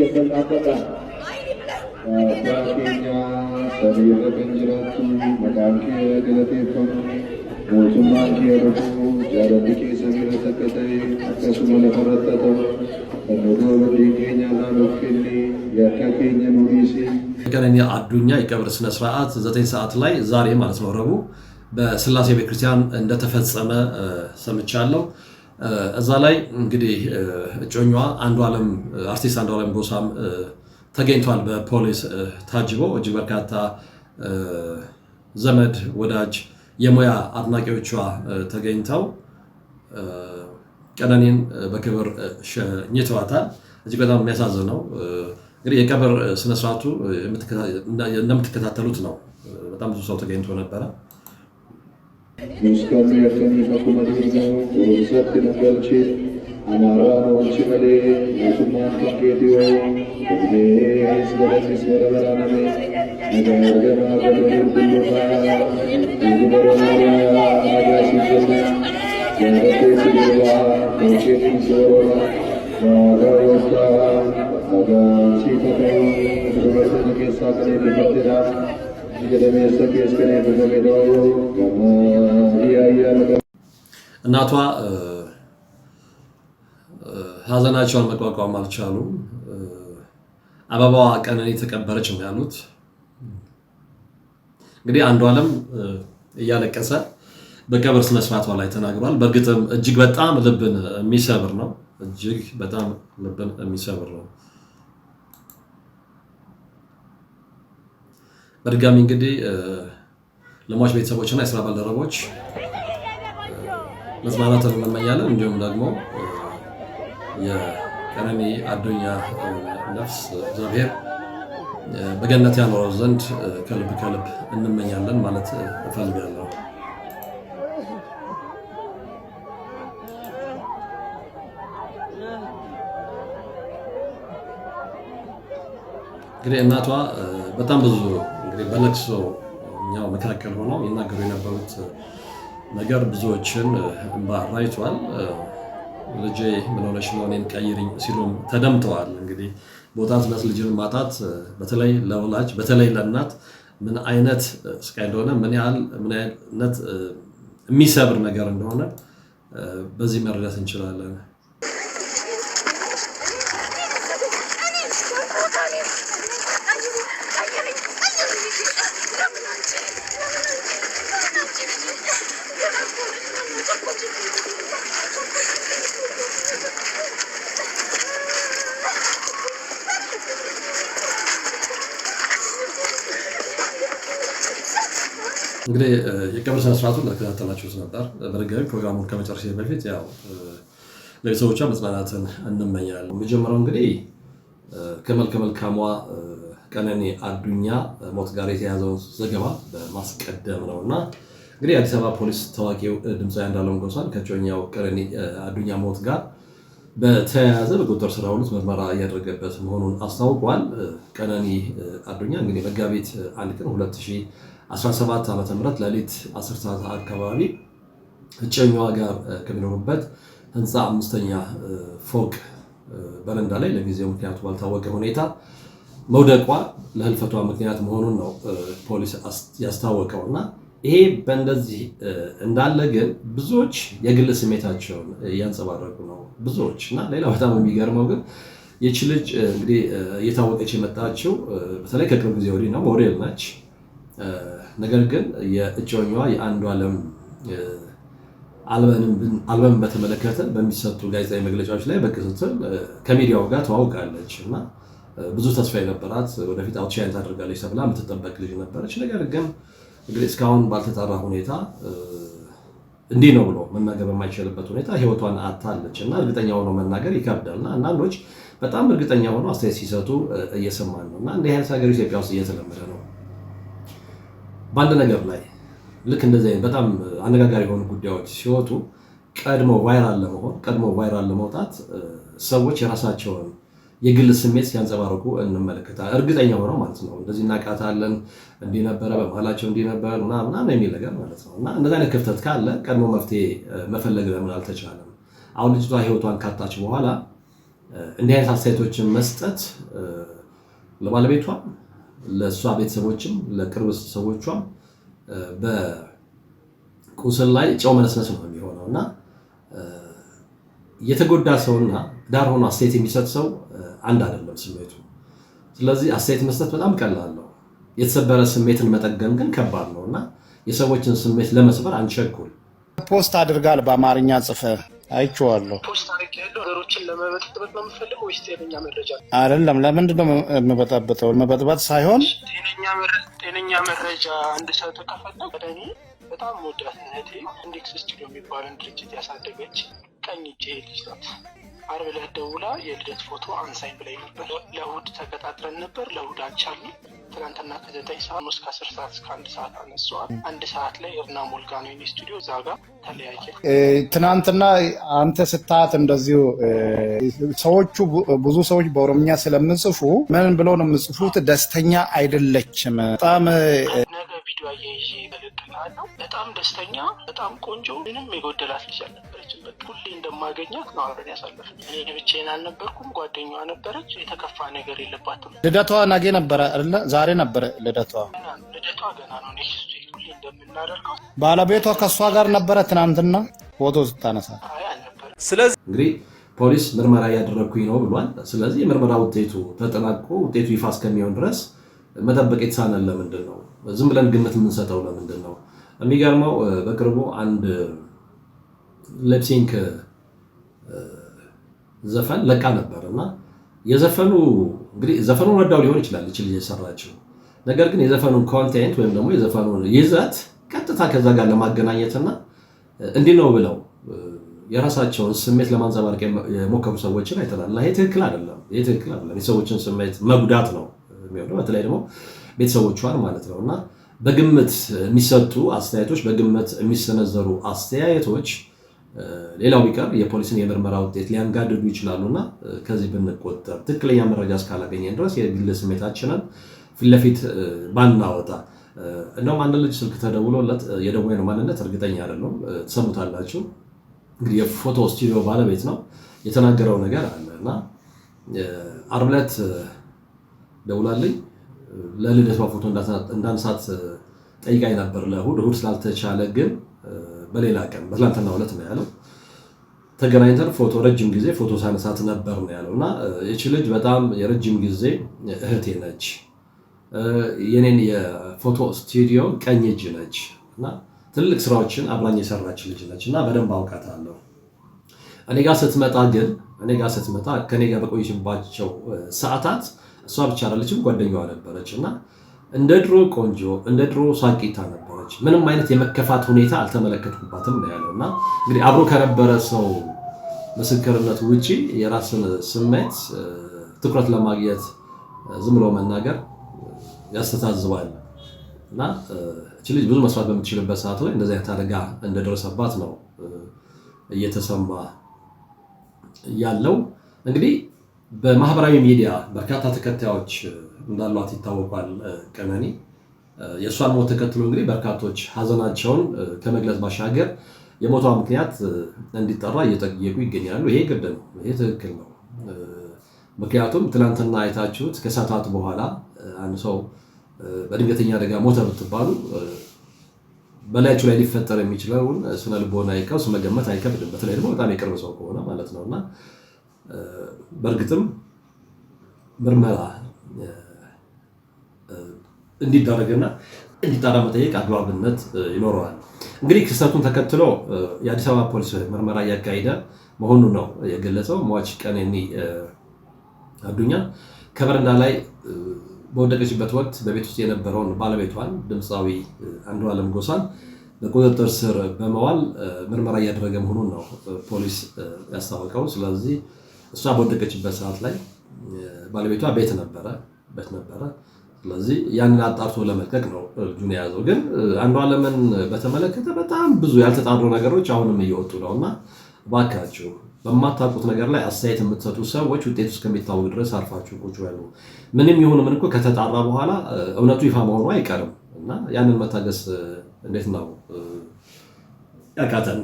የተጣበቀ ራቴኛ ሰሪረ ገንጅረቱ መቃንኬ ገለቴፈኑ ሞቱማ ኬረፉ ጃረብቄ አዱኛ የቀብር ስነስርዓት ዘጠኝ ሰዓት ላይ ዛሬ ማለት ነው ረቡዕ በስላሴ ቤተክርስቲያን እንደተፈጸመ ሰምቻለሁ። እዛ ላይ እንግዲህ እጮኛዋ አንዱ ዓለም አርቲስት አንዱ ጎሳም ተገኝቷል። በፖሊስ ታጅቦ እጅግ በርካታ ዘመድ ወዳጅ፣ የሙያ አድናቂዎቿ ተገኝተው ቀነኒን በክብር ሸኝተዋታል። እጅግ በጣም የሚያሳዝን ነው። እንግዲህ የቀብር ስነስርዓቱ እንደምትከታተሉት ነው። በጣም ብዙ ሰው ተገኝቶ ነበረ። Mișcării Artemii Facumatină, Rosati Nagalci, Amara Roncimele, Natumar Pachetiu, Udez, Gărătis Vărăvăraname, Nagargama Gărăvăr Bulluha, Udubărăvăra, Agasi Jena, Gărăte Sibirva, Concetu Sorova, Nagarota, Agasi Pakai, Udubărăvăra Sakare Vipatira, እናቷ ሀዘናቸውን መቋቋም አልቻሉም። አበባዋ ቀነኒ ተቀበረች ነው ያሉት። እንግዲህ አንዷለም እያለቀሰ በቀብር ስነስርዓቷ ላይ ተናግሯል። በእርግጥም እጅግ በጣም ልብን የሚሰብር ነው። እጅግ በጣም ልብን የሚሰብር ነው። በድጋሚ እንግዲህ ለሟች እና የስራ ባልደረቦች መጽናናትን እንመኛለን። እንዲሁም ደግሞ የቀነኒ አዱኛ ነፍስ እግዚአብሔር በገነት ያኖረው ዘንድ ከልብ ከልብ እንመኛለን ማለት እፈልጋለሁ። እንግዲህ እናቷ በጣም ብዙ እንግዲህ በለቅሶ እኛው መካከል ሆነው ይናገሩ የነበሩት ነገር ብዙዎችን እንባ ራይቷል። ልጄ ምን ሆነሽ ነው እኔን ቀይሪኝ ሲሉም ተደምጠዋል። እንግዲህ ቦታ ዕለት ልጅን ማጣት በተለይ ለወላጅ በተለይ ለእናት ምን አይነት ስቃይ እንደሆነ ምን ያህል ምን አይነት የሚሰብር ነገር እንደሆነ በዚህ መረዳት እንችላለን። እንግዲህ የቀብር ስነስርዓቱን ለተከታተላችሁት ነበር። በድጋሚ ፕሮግራሙን ከመጨረሻ በፊት ያው ለቤተሰቦቿ መጽናናትን እንመኛል። መጀመሪያው እንግዲህ ከመልከ መልካሟ ቀነኔ አዱኛ ሞት ጋር የተያዘውን ዘገባ በማስቀደም ነው እና እንግዲህ የአዲስ አበባ ፖሊስ ታዋቂው ድምፃዊ አንዷለም ጎሳን ከጮኛው ቀነኔ አዱኛ ሞት ጋር በተያያዘ በቁጥጥር ስር አውሎት ምርመራ እያደረገበት መሆኑን አስታውቋል። ቀነኒ አዱኛ እንግዲህ መጋቢት አንድ ቀን 17 ዓመተ ምህረት ሌሊት 10 ሰዓት አካባቢ እጨኛዋ ጋር ከሚኖሩበት ህንፃ አምስተኛ ፎቅ በረንዳ ላይ ለጊዜው ምክንያቱ ባልታወቀ ሁኔታ መውደቋ ለህልፈቷ ምክንያት መሆኑን ነው ፖሊስ ያስታወቀው እና ይሄ በእንደዚህ እንዳለ ግን ብዙዎች የግል ስሜታቸውን እያንጸባረቁ ነው ብዙዎች እና ሌላ በጣም የሚገርመው ግን ይች ልጅ እንግዲህ እየታወቀች የመጣችው በተለይ ከቅርብ ጊዜ ወዲህ ነው ሞዴል ነች። ነገር ግን የእጮኛዋ የአንዷለም አልበምን በተመለከተ በሚሰጡ ጋዜጣዊ መግለጫዎች ላይ በክትትል ከሚዲያው ጋር ተዋውቃለች እና ብዙ ተስፋ የነበራት ወደፊት አውትሻይን ታደርጋለች ተብላ የምትጠበቅ ልጅ ነበረች። ነገር ግን እንግዲህ እስካሁን ባልተጣራ ሁኔታ እንዲህ ነው ብሎ መናገር በማይችልበት ሁኔታ ህይወቷን አታለች እና እርግጠኛ ሆኖ መናገር ይከብዳል እና አንዳንዶች በጣም እርግጠኛ ሆኖ አስተያየት ሲሰጡ እየሰማን ነው እና እንዲህ አይነት ሀገር ኢትዮጵያ ውስጥ እየተለመደ ነው። በአንድ ነገር ላይ ልክ እንደዚህ አይነት በጣም አነጋጋሪ የሆኑ ጉዳዮች ሲወጡ ቀድሞ ቫይራል ለመሆን ቀድሞ ቫይራል ለመውጣት ሰዎች የራሳቸውን የግል ስሜት ሲያንጸባርቁ እንመለከታል። እርግጠኛ ሆነው ማለት ነው እንደዚህ እናቃታለን፣ እንዲነበረ በመሀላቸው እንዲህ ምናምን የሚል ነገር ማለት ነው። እና እንደዚህ አይነት ክፍተት ካለ ቀድሞ መፍትሄ መፈለግ ለምን አልተቻለም? አሁን ልጅቷ ህይወቷን ካጣች በኋላ እንዲህ አይነት አስተያየቶችን መስጠት ለባለቤቷ ለእሷ ቤተሰቦችም ለቅርብ ሰዎቿም በቁስል ላይ ጨው መነስነስ ነው የሚሆነው እና የተጎዳ ሰውና ዳር ሆኖ አስተያየት የሚሰጥ ሰው አንድ አይደለም ስሜቱ። ስለዚህ አስተያየት መስጠት በጣም ቀላል ነው። የተሰበረ ስሜትን መጠገን ግን ከባድ ነው እና የሰዎችን ስሜት ለመስበር አንቸኩል። ፖስት አድርጋል በአማርኛ ጽፈ አይቼዋለሁ። ፖስት አድርጌ ያለው ነገሮችን ለመበጥበጥ ነው የምፈልገው ወይስ ጤነኛ መረጃ አይደለም? ለምንድን ነው የምበጣበጠው? መበጥበጥ ሳይሆን ጤነኛ መረጃ እንድሰጥ ከፈለግ እኔ በጣም ወዳት እህቴ ኢንዴክስ ስቱዲዮ የሚባለን ድርጅት ያሳደገች ቀኝ እጄ ልጅ ናት። አርብ ዕለት ደውላ የልደት ፎቶ አንሳኝ ብላኝ ነበር። ለእሑድ ተቀጣጥረን ነበር። ለእሑድ አልቻልንም። ትናንትና ከዘጠኝ ሰዓት እስከ አስር ሰዓት እስከ አንድ ሰዓት አነሷዋል። አንድ ሰዓት ላይ እርና ሞልጋ ነው የእኔ ስቱዲዮ እዛ ጋር ተለያየ። ትናንትና አንተ ስታት እንደዚሁ ሰዎቹ ብዙ ሰዎች በኦሮምኛ ስለምጽፉ ምን ብለው ነው የምጽፉት? ደስተኛ አይደለችም በጣም አያይዤ እልክልሃለሁ። በጣም ደስተኛ፣ በጣም ቆንጆ፣ ምንም የጎደላት ልጅ አልነበረችም። ሁሌ እንደማገኛት ነው አብረን ያሳለፍን። እኔ ብቻዬን አልነበርኩም፣ ጓደኛዋ ነበረች። የተከፋ ነገር የለባትም። ልደቷ ነገ ነበረ አይደለ? ዛሬ ነበረ ልደቷ። ልደቷ ገና ነው። ሁሌ እንደምናደርገው ባለቤቷ ከእሷ ጋር ነበረ ትናንትና ፎቶ ስታነሳ ስለዚህ እንግዲህ ፖሊስ ምርመራ እያደረግኩኝ ነው ብሏል። ስለዚህ የምርመራ ውጤቱ ተጠናቅቆ ውጤቱ ይፋ እስከሚሆን ድረስ መጠበቅ የተሳነን ለምንድን ነው? ዝም ብለን ግምት የምንሰጠው ለምንድን ነው? የሚገርመው በቅርቡ አንድ ለፕሲንክ ዘፈን ለቃ ነበር እና የዘፈኑ እንግዲህ ዘፈኑን ወዳው ሊሆን ይችላል ይችል የሰራችው ነገር ግን የዘፈኑን ኮንቴንት ወይም ደግሞ የዘፈኑን ይዘት ቀጥታ ከዛ ጋር ለማገናኘትና እንዲህ ነው ብለው የራሳቸውን ስሜት ለማንጸባረቅ የሞከሩ ሰዎችን አይተናል። ይሄ ትክክል አይደለም። ይሄ ትክክል አይደለም። የሰዎችን ስሜት መጉዳት ነው የሚሆነው። በተለይ ደግሞ ቤተሰቦቿን ማለት ነው እና በግምት የሚሰጡ አስተያየቶች፣ በግምት የሚሰነዘሩ አስተያየቶች ሌላው ቢቀር የፖሊስን የምርመራ ውጤት ሊያንጋድዱ ይችላሉ እና ከዚህ ብንቆጠር ትክክለኛ መረጃ እስካላገኘን ድረስ የግል ስሜታችንን ፊትለፊት ባናወጣ። እንደውም አንድ ልጅ ስልክ ተደውሎለት የደወይኑ ማንነት እርግጠኛ አይደለም፣ ትሰሙታላችሁ። እንግዲህ የፎቶ ስቱዲዮ ባለቤት ነው የተናገረው ነገር አለ እና ዓርብ ዕለት ደውላልኝ ለልደቷ ፎቶ እንዳንሳት ጠይቃኝ ነበር ለእሁድ እሁድ ስላልተቻለ ግን በሌላ ቀን በትላንትና ዕለት ነው ያለው። ተገናኝተን ፎቶ ረጅም ጊዜ ፎቶ ሳነሳት ነበር ነው ያለው እና ይቺ ልጅ በጣም የረጅም ጊዜ እህቴ ነች። የኔን የፎቶ ስቱዲዮ ቀኝ እጅ ነች እና ትልቅ ስራዎችን አብራኝ የሰራች ልጅ ነች እና በደንብ አውቃታለሁ። እኔ ጋር ስትመጣ ግን እኔ ጋር ስትመጣ ከኔ ጋር በቆየችባቸው ሰዓታት እሷ ብቻ አላለችም፣ ጓደኛዋ ነበረች እና እንደ ድሮ ቆንጆ እንደ ድሮ ሳቂታ ነበረች። ምንም አይነት የመከፋት ሁኔታ አልተመለከትኩባትም ነው ያለው። እና እንግዲህ አብሮ ከነበረ ሰው ምስክርነት ውጪ የራስን ስሜት ትኩረት ለማግኘት ዝም ብሎ መናገር ያስተዛዝባል እና እች ልጅ ብዙ መስራት በምትችልበት ሰዓት ላይ እንደዚህ አይነት አደጋ እንደደረሰባት ነው እየተሰማ ያለው እንግዲህ በማህበራዊ ሚዲያ በርካታ ተከታዮች እንዳሏት ይታወቋል። ቀነኒ የእሷን ሞት ተከትሎ እንግዲህ በርካቶች ሀዘናቸውን ከመግለጽ ባሻገር የሞቷ ምክንያት እንዲጠራ እየጠየቁ ይገኛሉ። ይሄ ግድ ነው፣ ይሄ ትክክል ነው። ምክንያቱም ትናንትና አይታችሁት ከሰዓታት በኋላ አንድ ሰው በድንገተኛ አደጋ ሞተ ብትባሉ በላያችሁ ላይ ሊፈጠር የሚችለውን ስነ ልቦና ቀውስ መገመት አይከብድም። በተለይ ደግሞ በጣም የቅርብ ሰው ከሆነ ማለት ነውእና። በእርግጥም ምርመራ እንዲደረግና እንዲጣራ መጠየቅ አግባብነት ይኖረዋል። እንግዲህ ክስተቱን ተከትሎ የአዲስ አበባ ፖሊስ ምርመራ እያካሄደ መሆኑን ነው የገለጸው። ሟች ቀነኒ አዱኛ ከበረንዳ ላይ በወደቀችበት ወቅት በቤት ውስጥ የነበረውን ባለቤቷን ድምፃዊ አንዱዓለም ጎሳን በቁጥጥር ስር በመዋል ምርመራ እያደረገ መሆኑን ነው ፖሊስ ያስታወቀው። ስለዚህ እሷ በወደቀችበት ሰዓት ላይ ባለቤቷ ቤት ነበረ ቤት ነበረ። ስለዚህ ያንን አጣርቶ ለመልቀቅ ነው እጁን የያዘው። ግን አንዷለምን በተመለከተ በጣም ብዙ ያልተጣሩ ነገሮች አሁንም እየወጡ ነው እና እባካችሁ በማታውቁት ነገር ላይ አስተያየት የምትሰጡ ሰዎች ውጤቱ እስከሚታወቅ ድረስ አርፋችሁ ቁጭ በሉ። ምንም ይሁን ምን እኮ ከተጣራ በኋላ እውነቱ ይፋ መሆኑ አይቀርም እና ያንን መታገስ እንዴት ነው ያቃተን?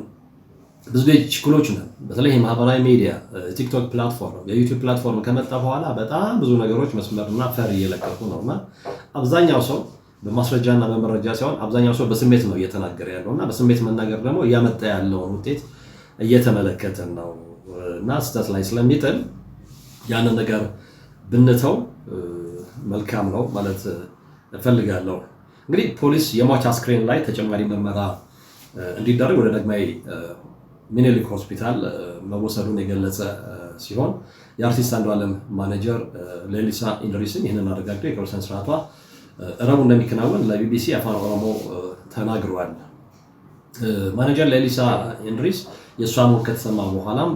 ብዙ ችክሎች ነው። በተለይ ማህበራዊ ሚዲያ ቲክቶክ ፕላትፎርም የዩቲዩብ ፕላትፎርም ከመጣ በኋላ በጣም ብዙ ነገሮች መስመርና ፈር እየለቀቁ ነው እና አብዛኛው ሰው በማስረጃና በመረጃ ሲሆን አብዛኛው ሰው በስሜት ነው እየተናገረ ያለው እና በስሜት መናገር ደግሞ እያመጣ ያለውን ውጤት እየተመለከትን ነው እና ስህተት ላይ ስለሚጥል ያንን ነገር ብንተው መልካም ነው ማለት እፈልጋለሁ። እንግዲህ ፖሊስ የሟች አስክሬን ላይ ተጨማሪ ምርመራ እንዲደረግ ወደ ደግማዊ ሚኒሊክ ሆስፒታል መወሰዱን የገለጸ ሲሆን የአርቲስት አለም ማኔጀር ሌሊሳ ኢንድሪስን ይህንን አረጋግጠው የቀብር ስርዓቷ እረቡ እንደሚከናወን ለቢቢሲ አፋን ኦሮሞ ተናግረዋል። ማኔጀር ሌሊሳ ኢንድሪስ የእሷ ሞት ከተሰማ በኋላም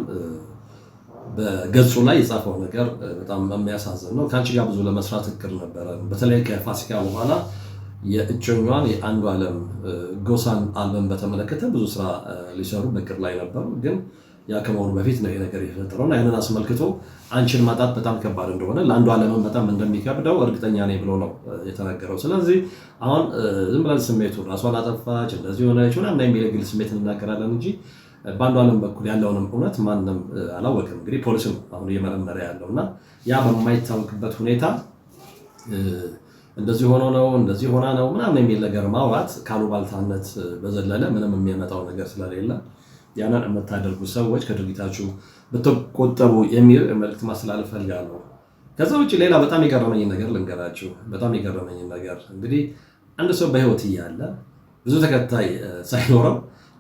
በገጹ ላይ የጻፈው ነገር በጣም የሚያሳዝን ነው። ከአንቺ ጋር ብዙ ለመስራት እቅድ ነበረ። በተለይ ከፋሲካ በኋላ የእጮኛዋን የአንዱ ዓለም ጎሳን አልበም በተመለከተ ብዙ ስራ ሊሰሩ እቅድ ላይ ነበሩ። ግን ያ ከመሆኑ በፊት ነው ይሄ ነገር የተፈጠረውና ያንን አስመልክቶ አንቺን ማጣት በጣም ከባድ እንደሆነ ለአንዱ ዓለምን በጣም እንደሚከብደው እርግጠኛ ነኝ ብሎ ነው የተናገረው። ስለዚህ አሁን ዝም ብለን ስሜቱ ራሷን አጠፋች እንደዚህ ሆነች ምናምን የሚል የግል ስሜት እንናገራለን እንጂ በአንዱ ዓለም በኩል ያለውንም እውነት ማንም አላወቅም። እንግዲህ ፖሊስ አሁን እየመረመረ ያለው እና ያ በማይታወቅበት ሁኔታ እንደዚህ ሆኖ ነው እንደዚህ ሆና ነው ምናምን የሚል ነገር ማውራት ካሉባልታነት በዘለለ ምንም የሚያመጣው ነገር ስለሌለ ያንን የምታደርጉ ሰዎች ከድርጊታችሁ ብትቆጠቡ የሚል መልዕክት ማስተላለፍ ፈልጋለሁ። ከዛ ውጭ ሌላ በጣም የገረመኝን ነገር ልንገራችሁ። በጣም የገረመኝ ነገር እንግዲህ አንድ ሰው በህይወት እያለ ብዙ ተከታይ ሳይኖረው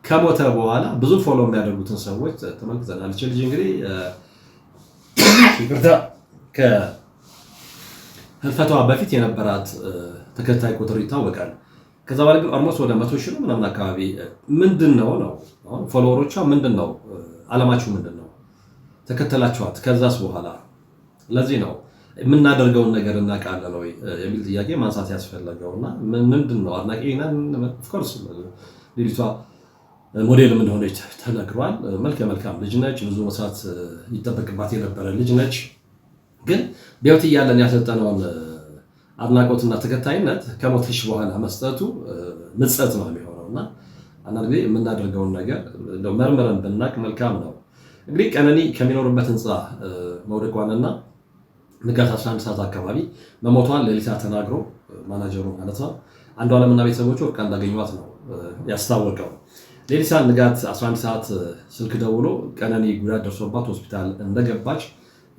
ከሞተ በኋላ ብዙ ፎሎ የሚያደርጉትን ሰዎች ተመልክተናል። ልጅ እንግዲህ ህልፈቷ በፊት የነበራት ተከታይ ቁጥር ይታወቃል። ከዛ በኋላ ግን ኦልሞስት ወደ መቶ ሺህ ነው ምናምን አካባቢ ምንድን ነው ነው አሁን ፎሎወሮቿ ምንድን ነው አላማችሁ ምንድን ነው ተከተላችኋት? ከዛስ በኋላ ለዚህ ነው የምናደርገውን ነገር እናውቃለን ወይ የሚል ጥያቄ ማንሳት ያስፈለገው እና ምንድን ነው አድናቂ ኦፍኮርስ ልጅቷ ሞዴል እንደሆነች ተነግሯል። መልከ መልካም ልጅ ነች። ብዙ መስራት ይጠበቅባት የነበረ ልጅ ነች ግን በሕይወት እያለን ያሰጠነውን አድናቆትና ተከታይነት ከሞትሽ በኋላ መስጠቱ ምጸት ነው የሚሆነው እና አንዳንድ ጊዜ የምናደርገውን ነገር መርምረን ብናቅ መልካም ነው። እንግዲህ ቀነኒ ከሚኖርበት ህንፃ መውደቋንና ንጋት 11 ሰዓት አካባቢ መሞቷን ለሊሳ ተናግሮ ማናጀሩ ማለት ነው አንዷለምና ቤተሰቦቹ ወድቃ እንዳገኟት ነው ያስታወቀው። ሌሊሳ ንጋት 11 ሰዓት ስልክ ደውሎ ቀነኒ ጉዳት ደርሶባት ሆስፒታል እንደገባች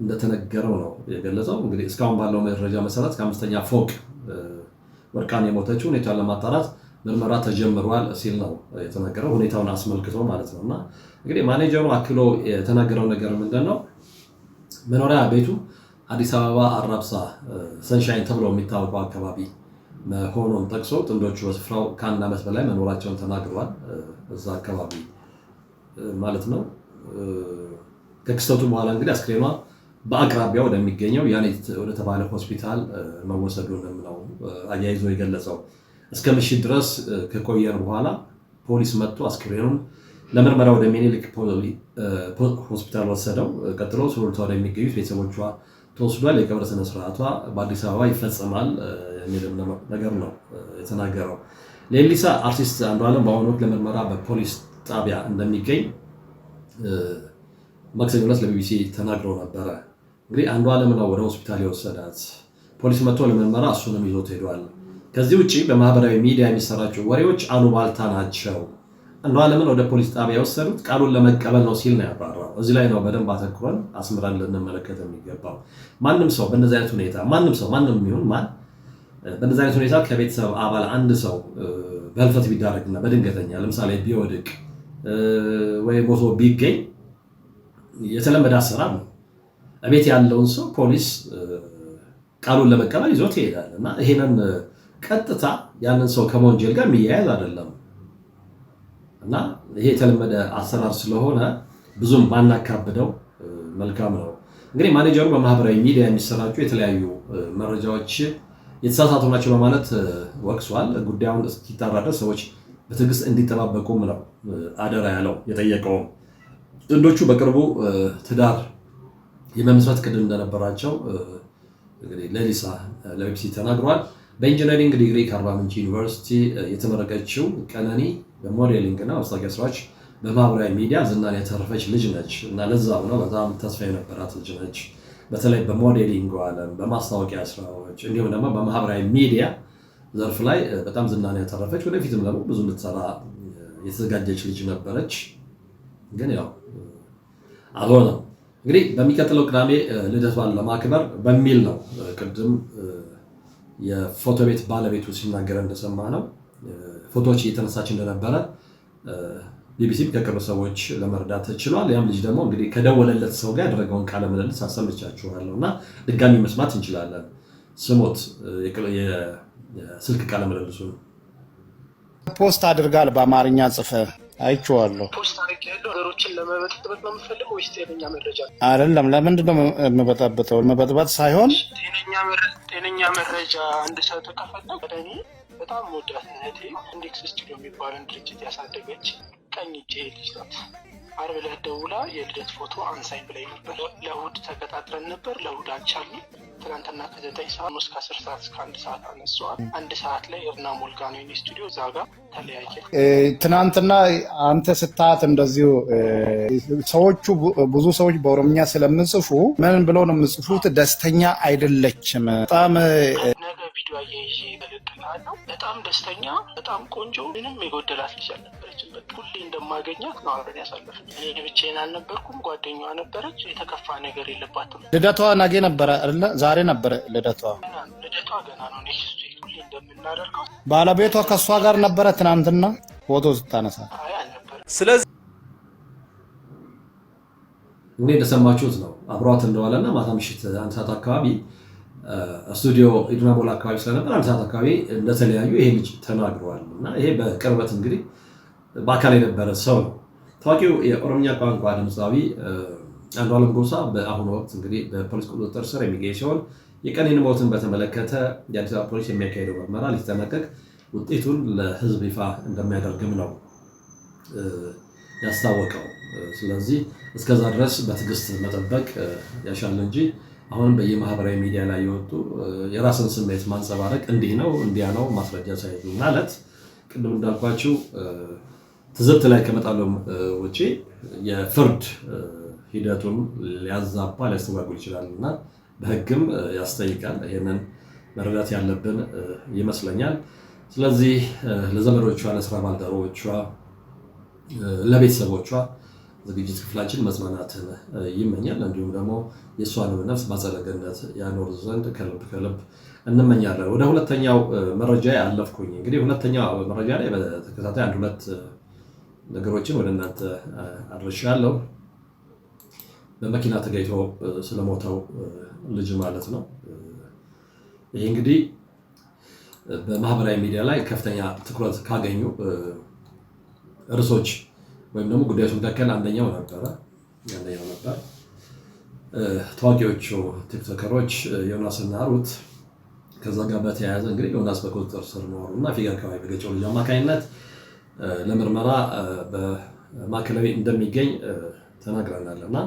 እንደተነገረው ነው የገለጸው። እንግዲህ እስካሁን ባለው መረጃ መሰረት ከአምስተኛ ፎቅ ወርቃን የሞተችው ሁኔታን ለማጣራት ምርመራ ተጀምሯል ሲል ነው የተነገረው ሁኔታውን አስመልክቶ ማለት ነው። እና እንግዲህ ማኔጀሩ አክሎ የተናገረው ነገር ምንድን ነው? መኖሪያ ቤቱ አዲስ አበባ አራብሳ ሰንሻይን ተብሎ የሚታወቀው አካባቢ መሆኑን ጠቅሶ ጥንዶቹ በስፍራው ከአንድ ዓመት በላይ መኖራቸውን ተናግረዋል። እዛ አካባቢ ማለት ነው። ከክስተቱ በኋላ እንግዲህ አስክሬኗ በአቅራቢያ ወደሚገኘው ያኔት ወደተባለ ሆስፒታል መወሰዱንም ነው አያይዞ የገለጸው። እስከ ምሽት ድረስ ከቆየን በኋላ ፖሊስ መጥቶ አስክሬኑን ለምርመራ ወደ ሚኒሊክ ሆስፒታል ወሰደው። ቀጥሎ ሱሉልታ ወደሚገኙት ቤተሰቦቿ ተወስዷል። የቀብር ስነስርዓቷ በአዲስ አበባ ይፈጸማል የሚልም ነገር ነው የተናገረው። ሌሊሳ አርቲስት አንዷለም በአሁኑ ወቅት ለምርመራ በፖሊስ ጣቢያ እንደሚገኝ ማክሰኞ ዕለት ለቢቢሲ ተናግረው ነበረ። እንግዲህ አንዱ አለም ነው ወደ ሆስፒታል የወሰዳት። ፖሊስ መጥቶ ለመመራ እሱንም ይዞት ሄዷል። ከዚህ ውጭ በማህበራዊ ሚዲያ የሚሰራቸው ወሬዎች አሉባልታ ናቸው። አንዱ አለምን ወደ ፖሊስ ጣቢያ የወሰዱት ቃሉን ለመቀበል ነው ሲል ነው ያብራራው። እዚህ ላይ ነው በደንብ አተኩረን አስምረን ልንመለከት የሚገባው። ማንም ሰው በእንደዚህ አይነት ሁኔታ ማንም ሰው ማንም የሚሆን ማን በእንደዚህ አይነት ሁኔታ ከቤተሰብ አባል አንድ ሰው በህልፈት ቢዳረግና በድንገተኛ ለምሳሌ ቢወድቅ ወይ ሞቶ ቢገኝ የተለመደ አሰራር ነው። እቤት ያለውን ሰው ፖሊስ ቃሉን ለመቀበል ይዞት ይሄዳል እና ይሄንን ቀጥታ ያንን ሰው ከመወንጀል ጋር የሚያያዝ አይደለም እና ይሄ የተለመደ አሰራር ስለሆነ ብዙም ባናካብደው መልካም ነው። እንግዲህ ማኔጀሩ በማህበራዊ ሚዲያ የሚሰራጩ የተለያዩ መረጃዎች የተሳሳቱ ናቸው በማለት ወቅሷል። ጉዳዩን እስኪጣራ ድረስ ሰዎች በትዕግስት እንዲጠባበቁም ነው አደራ ያለው የጠየቀውም። ጥንዶቹ በቅርቡ ትዳር የመመስረት ቅድም እንደነበራቸው ለሊሳ ለቢቢሲ ተናግሯል። በኢንጂነሪንግ ዲግሪ ከአርባ ምንጭ ዩኒቨርሲቲ የተመረቀችው ቀነኒ በሞዴሊንግ እና ማስታወቂያ ስራዎች በማህበራዊ ሚዲያ ዝናን የተረፈች ልጅ ነች እና ለዛ ነው በጣም ተስፋ የነበራት ልጅ ነች። በተለይ በሞዴሊንግ ዓለም በማስታወቂያ ስራዎች እንዲሁም ደግሞ በማህበራዊ ሚዲያ ዘርፍ ላይ በጣም ዝናን ያተረፈች ወደፊትም ደግሞ ብዙ እንድትሰራ የተዘጋጀች ልጅ ነበረች። ግን ያው አልሆነም። እንግዲህ በሚቀጥለው ቅዳሜ ልደት በዓል ለማክበር በሚል ነው ቅድም የፎቶ ቤት ባለቤቱ ሲናገረ እንደሰማ ነው ፎቶዎች እየተነሳች እንደነበረ ቢቢሲም ከቅርብ ሰዎች ለመረዳት ችሏል። ያም ልጅ ደግሞ እንግዲህ ከደወለለት ሰው ጋር ያደረገውን ቃለ ምልልስ አሰምቻችኋለሁ እና ድጋሚ መስማት እንችላለን። ስሞት የስልክ ቃለ ምልልሱን ፖስት አድርጋል በአማርኛ ጽፈ አይቼዋለሁ። ነገሮችን ለመበጥበጥ ነው የምፈልገው ወይስ ጤነኛ መረጃ አይደለም? ለምንድን ነው የምበጣበጠው? መበጥበጥ ሳይሆን ጤነኛ መረጃ እንድሰጥ ከፈለግ ወደ እኔ በጣም ወዳት እህቴ ኢንዴክስ ስቱዲዮ የሚባለን ድርጅት ያሳደገች ቀኝ እጄ ልጅ ናት። አርብ ዕለት ደውላ የልደት ፎቶ አንሳኝ ብላኝ ነበር። ለእሑድ ተቀጣጥረን ነበር። ለእሑድ አልቻልንም። ትናንትና ከዘጠኝ ሰዓት እስከ አስር ሰዓት እስከ አንድ ሰዓት አነሷል። አንድ ሰዓት ላይ እርና ሞልጋኖ የእኔ ስቱዲዮ እዛ ጋር ተለያየ። ትናንትና አንተ ስታት እንደዚሁ ሰዎቹ ብዙ ሰዎች በኦሮምኛ ስለምጽፉ ምን ብለው ነው የምጽፉት? ደስተኛ አይደለችም። በጣም ነገ ቪዲዮ አያይዤ እልክልሃለሁ። በጣም ደስተኛ፣ በጣም ቆንጆ፣ ምንም የጎደላት ልጅ አልነበረችም። ሁሌ እንደማገኛት ነው አብረን ያሳለፍን። እኔ ብቻዬን አልነበርኩም፣ ጓደኛዋ ነበረች። የተከፋ ነገር የለባትም። ልደቷ ነገ ነበረ አይደለ? ዛሬ ነበረ ልደቷ። ባለቤቷ ከእሷ ጋር ነበረ ትናንትና ፎቶ ስታነሳ። ስለዚህ እኔ እንደሰማችሁት ነው አብሯት እንደዋለና ማታ ምሽት አንድ ሰዓት አካባቢ ስቱዲዮ ኢዱና ቦል አካባቢ ስለነበር አንድ ሰዓት አካባቢ እንደተለያዩ ይሄ ልጅ ተናግረዋል። እና ይሄ በቅርበት እንግዲህ በአካል የነበረ ሰው ነው። ታዋቂው የኦሮምኛ ቋንቋ ድምፃዊ አለም ጎሳ በአሁኑ ወቅት እንግዲህ በፖሊስ ቁጥጥር ስር የሚገኝ ሲሆን የቀነኒን ሞትን በተመለከተ የአዲስ አበባ ፖሊስ የሚያካሄደው ምርመራ ሊጠናቀቅ ውጤቱን ለሕዝብ ይፋ እንደሚያደርግም ነው ያስታወቀው። ስለዚህ እስከዛ ድረስ በትዕግስት መጠበቅ ያሻል እንጂ አሁንም በየማህበራዊ ሚዲያ ላይ የወጡ የራስን ስሜት ማንጸባረቅ እንዲህ ነው እንዲያ ነው ማስረጃ ሳይዙ ማለት ቅድም እንዳልኳችሁ ትዝብት ላይ ከመጣሉም ውጪ የፍርድ ሂደቱን ሊያዛባ ሊያስተጓጉል ይችላል እና በህግም ያስጠይቃል። ይህንን መረዳት ያለብን ይመስለኛል። ስለዚህ ለዘመዶቿ፣ ለስራ ባልደረቦቿ፣ ለቤተሰቦቿ ዝግጅት ክፍላችን መጽናናትን ይመኛል። እንዲሁም ደግሞ የእሷንም ነፍስ በአጸደ ገነት ያኖር ዘንድ ከልብ ከልብ እንመኛለን። ወደ ሁለተኛው መረጃ ያለፍኩኝ። እንግዲህ ሁለተኛው መረጃ ላይ በተከታታይ አንድ ሁለት ነገሮችን ወደ እናንተ አድርሻለሁ። በመኪና ተገይቶ ስለሞተው ልጅ ማለት ነው። ይህ እንግዲህ በማህበራዊ ሚዲያ ላይ ከፍተኛ ትኩረት ካገኙ ርዕሶች ወይም ደግሞ ጉዳዮች መካከል አንደኛው ነበረ አንደኛው ነበር። ታዋቂዎቹ ቲክቶከሮች ዮናስ እና ሩት ከዛ ጋር በተያያዘ እንግዲህ ዮናስ በቁጥጥር ስር መሆኑ እና ፊገር አካባቢ በገጨው ልጅ አማካኝነት ለምርመራ በማዕከላዊ እንደሚገኝ ተናግረናል እና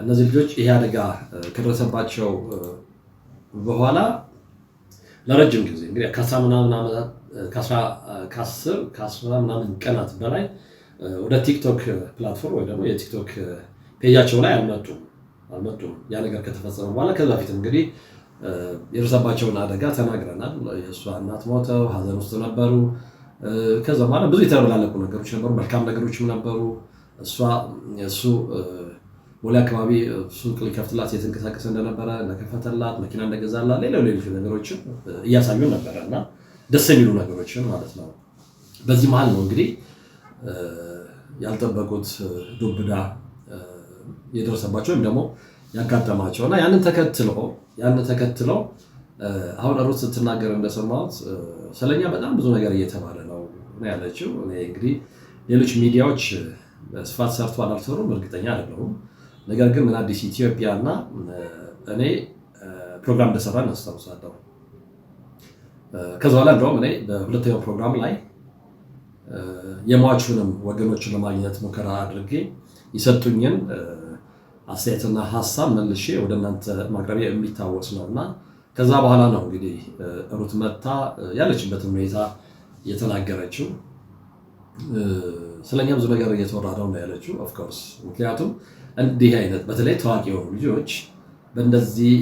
እነዚህ ልጆች ይሄ አደጋ ከደረሰባቸው በኋላ ለረጅም ጊዜ እንግዲህ ምናምን ቀናት በላይ ወደ ቲክቶክ ፕላትፎርም ወይ ደግሞ የቲክቶክ ፔጃቸው ላይ አልመጡም አልመጡም። ያ ነገር ከተፈጸመ በኋላ ከዛ በፊትም እንግዲህ የደረሰባቸውን አደጋ ተናግረናል። የእሷ እናት ሞተው ሀዘን ውስጥ ነበሩ። ከዛ በኋላ ብዙ የተላለቁ ነገሮች ነበሩ፣ መልካም ነገሮችም ነበሩ። እሷ እሱ ወላ አካባቢ ሱቅ ሊከፍትላት የተንቀሳቀሰ እንደነበረ እንደከፈተላት፣ መኪና እንደገዛላት፣ ሌላ ሌሎች ነገሮችን እያሳዩ ነበረ እና ደስ የሚሉ ነገሮችን ማለት ነው። በዚህ መሀል ነው እንግዲህ ያልጠበቁት ዱብዳ የደረሰባቸው ወይም ደግሞ ያጋጠማቸው እና ያንን ተከትሎ ያንን ተከትሎ አሁን ሩት ስትናገር እንደሰማሁት ስለኛ በጣም ብዙ ነገር እየተባለ ነው ያለችው። እኔ እንግዲህ ሌሎች ሚዲያዎች ስፋት ሰርቶ አላልሰሩም እርግጠኛ አይደለሁም። ነገር ግን ምን አዲስ ኢትዮጵያ እና እኔ ፕሮግራም እንደሰራ እናስታውሳለሁ። ከዛ በኋላ እንደውም እኔ በሁለተኛው ፕሮግራም ላይ የሟቹንም ወገኖችን ለማግኘት ሙከራ አድርጌ የሰጡኝን አስተያየትና ሀሳብ መልሼ ወደ እናንተ ማቅረቢያ የሚታወስ ነው እና ከዛ በኋላ ነው እንግዲህ ሩት መታ ያለችበትን ሁኔታ የተናገረችው። ስለኛ ብዙ ነገር እየተወራ ነው ያለችው ኦፍኮርስ ምክንያቱም እንዲህ አይነት በተለይ ታዋቂ የሆኑ ልጆች በእንደዚህ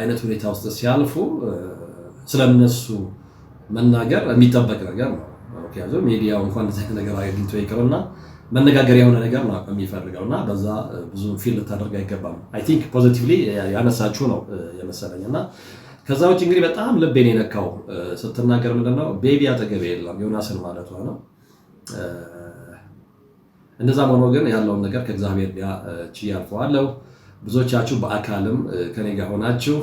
አይነት ሁኔታ ውስጥ ሲያልፉ ስለነሱ መናገር የሚጠበቅ ነገር ነው። ሚዲያው እንኳን ዚ ነገር አግኝቶ ይቅርና መነጋገር የሆነ ነገር ነው የሚፈልገው እና በዛ ብዙ ፊል ልታደርግ አይገባም። አይ ቲንክ ፖዚቲቭሊ ያነሳችሁ ነው የመሰለኝ እና ከዛ ውጭ እንግዲህ በጣም ልቤን የነካው ስትናገር ምንድነው ቤቢ አጠገቤ የለም ዮናስን ማለቷ ነው። እንደዛም ሆኖ ግን ያለውን ነገር ከእግዚአብሔር ጋር ችያልፈዋለሁ። ብዙዎቻችሁ በአካልም ከኔ ጋር ሆናችሁ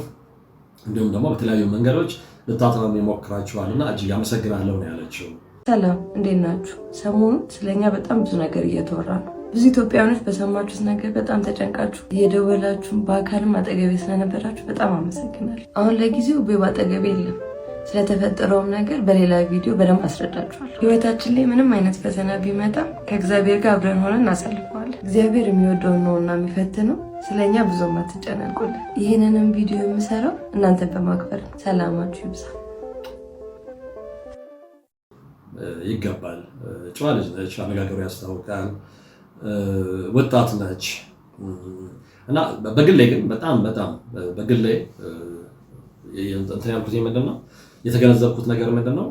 እንዲሁም ደግሞ በተለያዩ መንገዶች ልታጥናኑ ይሞክራችኋልና እጅግ አመሰግናለሁ ነው ያለችው። ሰላም እንዴት ናችሁ? ሰሞኑ ስለኛ በጣም ብዙ ነገር እየተወራ ነው። ብዙ ኢትዮጵያውያኖች በሰማችሁት ነገር በጣም ተጨንቃችሁ እየደወላችሁ በአካልም አጠገቤ ስለነበራችሁ በጣም አመሰግናለሁ። አሁን ለጊዜው ቤባ አጠገቤ የለም ስለተፈጠረውም ነገር በሌላ ቪዲዮ በደንብ አስረዳችኋል። ህይወታችን ላይ ምንም አይነት ፈተና ቢመጣ ከእግዚአብሔር ጋር አብረን ሆነን እናሳልፈዋለን። እግዚአብሔር የሚወደውን ነውና የሚፈትነው። ስለኛ ብዙም አትጨነቁልን። ይህንንም ቪዲዮ የምሰራው እናንተን በማክበር ሰላማችሁ ይብዛ። ይገባል። ጨዋ ልጅ ነች፣ አነጋገሩ ያስታውቃል፣ ወጣት ነች እና በግሌ ግን በጣም በጣም በግሌ እንትን ያልኩት ምንድን ነው የተገነዘብኩት ነገር ምንድን ነው፣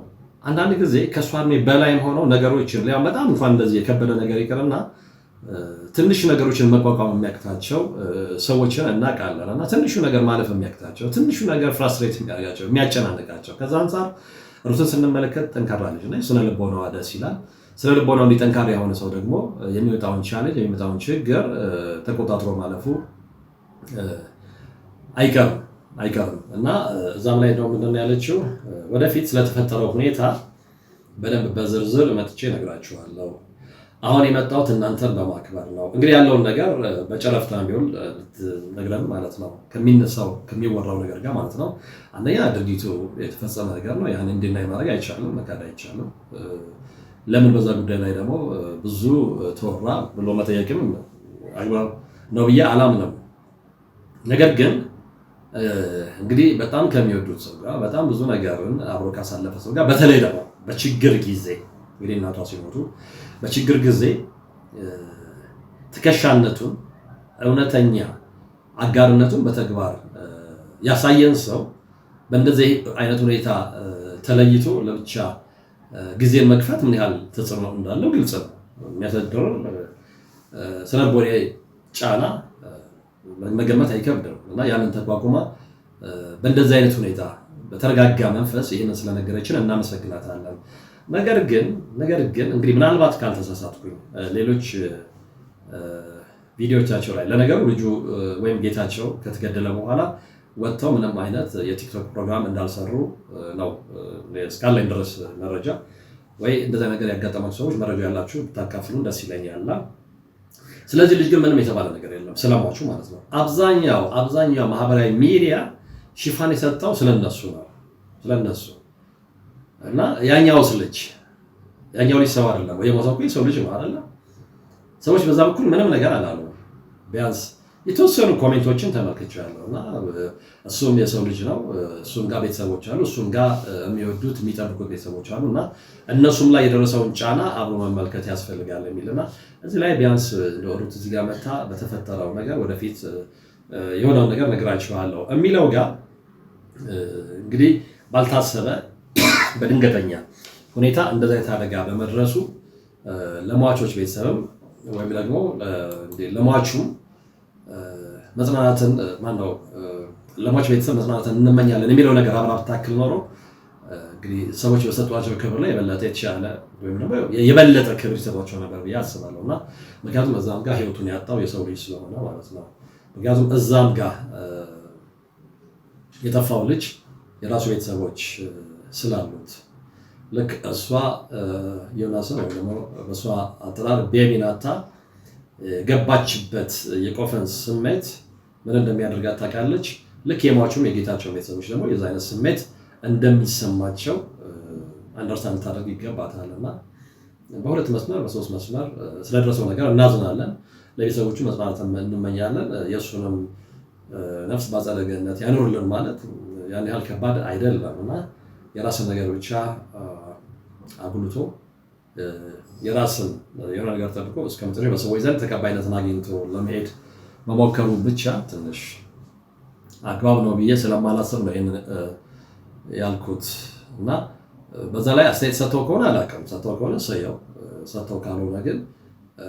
አንዳንድ ጊዜ ከእሷ እድሜ በላይም ሆነው ነገሮችን ያው በጣም እንኳን እንደዚህ የከበደ ነገር ይቅርና ትንሽ ነገሮችን መቋቋም የሚያቅታቸው ሰዎችን እናውቃለን። እና ትንሹ ነገር ማለፍ የሚያቅታቸው ትንሹ ነገር ፍራስትሬት የሚያደርጋቸው የሚያጨናንቃቸው፣ ከዛ አንጻር ሩትን ስንመለከት ጠንካራ ልጅ ነች፣ ስነ ልቦናዋ ደስ ይላል። ስነ ልቦናው ጠንካራ የሆነ ሰው ደግሞ የሚወጣውን ቻሌንጅ የሚመጣውን ችግር ተቆጣጥሮ ማለፉ አይቀርም አይቀርም። እና እዛም ላይ ደው ምንድን ያለችው፣ ወደፊት ስለተፈጠረው ሁኔታ በደንብ በዝርዝር መጥቼ ነግራችኋለሁ። አሁን የመጣሁት እናንተን በማክበር ነው። እንግዲህ ያለውን ነገር በጨረፍታ ቢሆን ልትነግረን ማለት ነው፣ ከሚነሳው ከሚወራው ነገር ጋር ማለት ነው። አንደኛ ድርጊቱ የተፈጸመ ነገር ነው። ያን እንዲናይ ማድረግ አይቻልም፣ መካድ አይቻልም። ለምን በዛ ጉዳይ ላይ ደግሞ ብዙ ተወራ ብሎ መጠየቅም አግባብ ነው ብዬ አላምንም። ነገር ግን እንግዲህ በጣም ከሚወዱት ሰው ጋር በጣም ብዙ ነገርን አብሮ ካሳለፈ ሰው ጋር በተለይ ደግሞ በችግር ጊዜ እንግዲህ እናቷ ሲሞቱ በችግር ጊዜ ትከሻነቱን እውነተኛ አጋርነቱን በተግባር ያሳየን ሰው በእንደዚህ አይነት ሁኔታ ተለይቶ ለብቻ ጊዜን መክፈት ምን ያህል ተጽዕኖ እንዳለው ግልጽ ነው። የሚያሳድረው ስነልቦናዊ ጫና መገመት አይከብድም እና ያንን ተቋቁማ በእንደዚህ አይነት ሁኔታ በተረጋጋ መንፈስ ይህንን ስለነገረችን እናመሰግናታለን። ነገር ግን ነገር ግን እንግዲህ ምናልባት ካልተሳሳትኩኝ ሌሎች ቪዲዮቻቸው ላይ ለነገሩ ልጁ ወይም ጌታቸው ከተገደለ በኋላ ወጥተው ምንም አይነት የቲክቶክ ፕሮግራም እንዳልሰሩ ነው እስካለኝ ድረስ መረጃ። ወይ እንደዚ ነገር ያጋጠማቸው ሰዎች መረጃ ያላችሁ ብታካፍሉን ደስ ይለኛል። ስለዚህ ልጅ ግን ምንም የተባለ ነገር የለም ስለሟቹ ማለት ነው። አብዛኛው አብዛኛው ማህበራዊ ሚዲያ ሽፋን የሰጠው ስለነሱ ነው ስለነሱ እና ያኛውስ ልጅ ያኛው ልጅ ሰው አይደለም ወይ? ሰው ልጅ ነው አይደለም። ሰዎች በዛ በኩል ምንም ነገር አላሉ። ቢያንስ የተወሰኑ ኮሜንቶችን ተመልክቻለሁ እና እሱም የሰው ልጅ ነው። እሱም ጋር ቤተሰቦች አሉ፣ እሱም ጋር የሚወዱት የሚጠብቁት ቤተሰቦች አሉ እና እነሱም ላይ የደረሰውን ጫና አብሮ መመልከት ያስፈልጋል የሚልና እዚህ ላይ ቢያንስ እንደወሩት እዚህ ጋር መታ በተፈጠረው ነገር ወደፊት የሆነውን ነገር ነግራችኋለሁ የሚለው ጋር እንግዲህ ባልታሰበ በድንገተኛ ሁኔታ እንደዚህ አይነት አደጋ በመድረሱ ለሟቾች ቤተሰብም ወይም ደግሞ ለሟቹም መጽናናትን ማነው ለሟች ቤተሰብ መጽናናትን እንመኛለን የሚለው ነገር አብራ ብታክል ኖሮ እንግዲህ ሰዎች በሰጧቸው ክብር ላይ የበለጠ የተሻለ ወይም ደግሞ የበለጠ ክብር ይሰጧቸው ነበር ብዬ አስባለሁ እና ምክንያቱም እዛም ጋር ህይወቱን ያጣው የሰው ልጅ ስለሆነ ማለት ነው። ምክንያቱም እዛም ጋር የጠፋው ልጅ የራሱ ቤተሰቦች ስላሉት ልክ እሷ ዮናስን ወይ ደግሞ በእሷ አጠራር ቤቢን ገባችበት የቆፈን ስሜት ምን እንደሚያደርጋት ታውቃለች። ልክ የሟቹም የጌታቸው ቤተሰቦች ደግሞ የዛ አይነት ስሜት እንደሚሰማቸው አንደርስታንድ ታደርግ ይገባታል እና በሁለት መስመር በሶስት መስመር ስለደረሰው ነገር እናዝናለን። ለቤተሰቦቹ መጽናናት እንመኛለን። የእሱንም ነፍስ በአጸደ ገነት ያኖርልን ማለት ያን ያህል ከባድ አይደለም እና የራስን ነገር ብቻ አጉልቶ የራስን የሆነ ነገር ጠብቆ እስከ መጨረሻ በሰዎች ዘንድ ተቀባይነትን አግኝቶ ለመሄድ መሞከሩ ብቻ ትንሽ አግባብ ነው ብዬ ስለማላስብ ነው ይህን ያልኩት። እና በዛ ላይ አስተያየት ሰጥተው ከሆነ አላውቅም፣ ሰጥተው ከሆነ ሰየው፣ ሰጥተው ካልሆነ ግን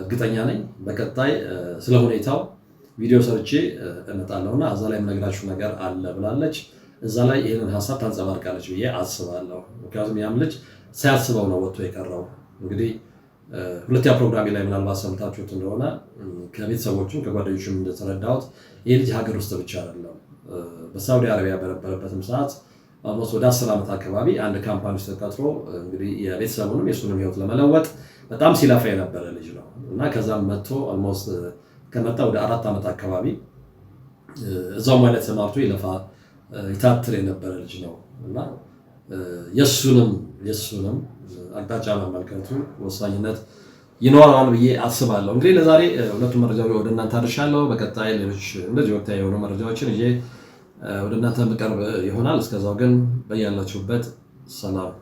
እርግጠኛ ነኝ በቀጣይ ስለ ሁኔታው ቪዲዮ ሰርቼ እና እዛ ላይ የምነግራችሁ ነገር አለ ብላለች። እዛ ላይ ይህንን ሀሳብ ታንጸባርቃለች ብዬ አስባለሁ። ምክንያቱም ያም ልጅ ሳያስበው ነው ወጥቶ የቀረው። እንግዲህ ሁለተኛ ፕሮግራሜ ላይ ምናልባት ሰምታችሁት እንደሆነ ከቤተሰቦችም ከጓደኞችም እንደተረዳሁት ይህ ልጅ ሀገር ውስጥ ብቻ አይደለም። በሳውዲ አረቢያ በነበረበትም ሰዓት አልሞስት ወደ አስር ዓመት አካባቢ አንድ ካምፓኒ ውስጥ ተቀጥሮ እንግዲህ የቤተሰቡንም የእሱንም ህይወት ለመለወጥ በጣም ሲለፋ የነበረ ልጅ ነው እና ከዛም መጥቶ አልሞስት ከመጣ ወደ አራት ዓመት አካባቢ እዛው ማለት ተማርቶ ይለፋ ይታትር የነበረ ልጅ ነው እና የእሱንም የእሱንም አቅጣጫ መመልከቱ ወሳኝነት ይኖራል ብዬ አስባለሁ። እንግዲህ ለዛሬ ሁለቱም መረጃ ወደ እናንተ አድርሻለሁ። በቀጣይ ሌሎች እንደዚህ ወቅታዊ የሆኑ መረጃዎችን ይዤ ወደ እናንተ የምቀርብ ይሆናል። እስከዛው ግን በያላችሁበት ሰላም